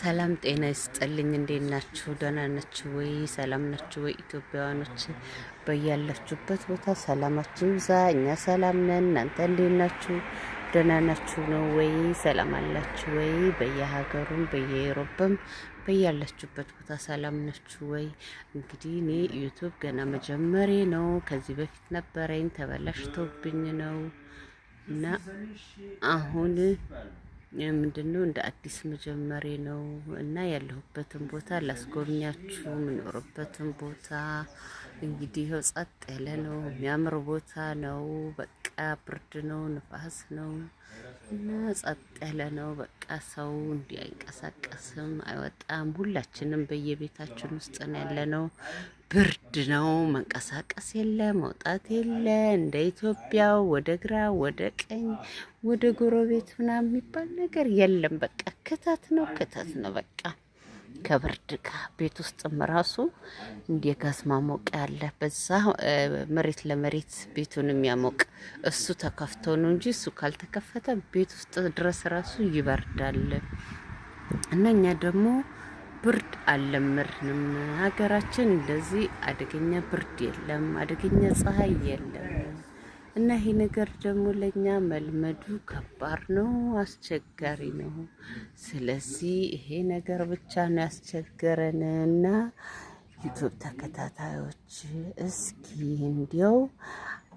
ሰላም ጤና ይስጥልኝ። እንዴት ናችሁ? ደህና ናችሁ ወይ? ሰላም ናችሁ ወይ? ኢትዮጵያውያኖች በያላችሁበት ቦታ ሰላማችሁ ይብዛ። እኛ ሰላም ነን። እናንተ እንዴት ናችሁ? ደህና ናችሁ ነው ወይ? ሰላም አላችሁ ወይ? በየሀገሩም በየአውሮፓም በያላችሁበት ቦታ ሰላም ናችሁ ወይ? እንግዲህ እኔ ዩቱብ ገና መጀመሬ ነው። ከዚህ በፊት ነበረኝ ተበላሽቶብኝ ነው እና አሁን ምንድን እንደ አዲስ መጀመሪ ነው እና ያለሁበትን ቦታ ላስጎብኛችሁ። የምኖርበትን ቦታ እንግዲህ ጸጥ ያለ ነው፣ የሚያምር ቦታ ነው። ብርድ ነው፣ ንፋስ ነው እና ጸጥ ያለ ነው። በቃ ሰው እንዲህ አይንቀሳቀስም፣ አይወጣም። ሁላችንም በየቤታችን ውስጥ ነው ያለነው። ብርድ ነው፣ መንቀሳቀስ የለ፣ መውጣት የለ። እንደ ኢትዮጵያው ወደ ግራ ወደ ቀኝ ወደ ጎረቤት ምናምን የሚባል ነገር የለም። በቃ ክተት ነው፣ ክተት ነው በቃ ከብርድ ጋር ቤት ውስጥም ራሱ እንደ ጋዝ ማሞቅ ያለ በዛ መሬት ለመሬት ቤቱን የሚያሞቅ እሱ ተከፍቶ ነው እንጂ እሱ ካልተከፈተ ቤት ውስጥ ድረስ ራሱ ይበርዳል። እና እኛ ደግሞ ብርድ አለምርንም። ሀገራችን እንደዚህ አደገኛ ብርድ የለም፣ አደገኛ ፀሐይ የለም። እና ይሄ ነገር ደግሞ ለእኛ መልመዱ ከባድ ነው፣ አስቸጋሪ ነው። ስለዚህ ይሄ ነገር ብቻ ነው ያስቸገረን እና ዩቱብ ተከታታዮች እስኪ እንዲያው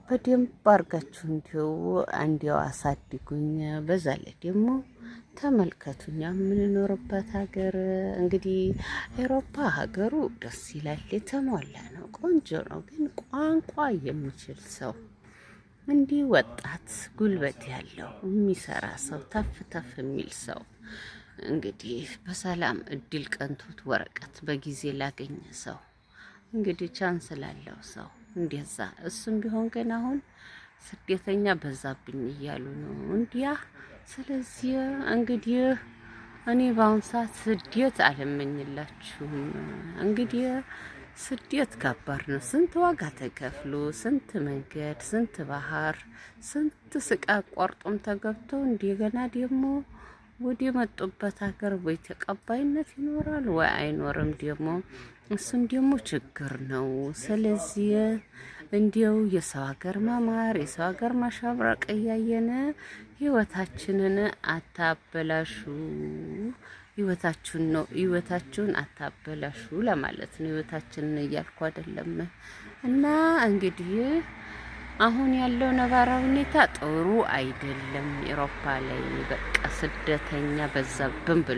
በደንብ አድርጋችሁ እንዲያው እንዲያው አሳድጉኝ። በዛ ላይ ደግሞ ተመልከቱኛ የምንኖርበት ሀገር እንግዲህ አውሮፓ ሀገሩ ደስ ይላል፣ የተሟላ ነው፣ ቆንጆ ነው። ግን ቋንቋ የሚችል ሰው እንዲህ ወጣት ጉልበት ያለው የሚሰራ ሰው ተፍ ተፍ የሚል ሰው እንግዲህ በሰላም እድል ቀንቶት ወረቀት በጊዜ ላገኘ ሰው እንግዲህ ቻንስ ላለው ሰው እንደዛ እሱም ቢሆን ግን አሁን ስደተኛ በዛብኝ እያሉ ነው እንዲያ። ስለዚህ እንግዲህ እኔ በአሁን ሰዓት ስደት አልመኝላችሁም እንግዲህ ስደት ከባድ ነው። ስንት ዋጋ ተከፍሎ ስንት መንገድ ስንት ባህር ስንት ስቃ አቋርጦም ተገብቶ እንደገና ደግሞ ወደ መጡበት ሀገር ወይ ተቀባይነት ይኖራል ወይ አይኖርም። ደግሞ እሱም ደግሞ ችግር ነው። ስለዚህ እንዲው የሰው ሀገር ማማር የሰው ሀገር ማሻብረቅ እያየን ህይወታችንን አታበላሹ። ህይወታችሁን ነው ህይወታችሁን አታበላሹ ለማለት ነው። ህይወታችንን እያልኩ አይደለም። እና እንግዲህ አሁን ያለው ነባራዊ ሁኔታ ጥሩ አይደለም። ኤሮፓ ላይ በቃ ስደተኛ በዛብን ብሎ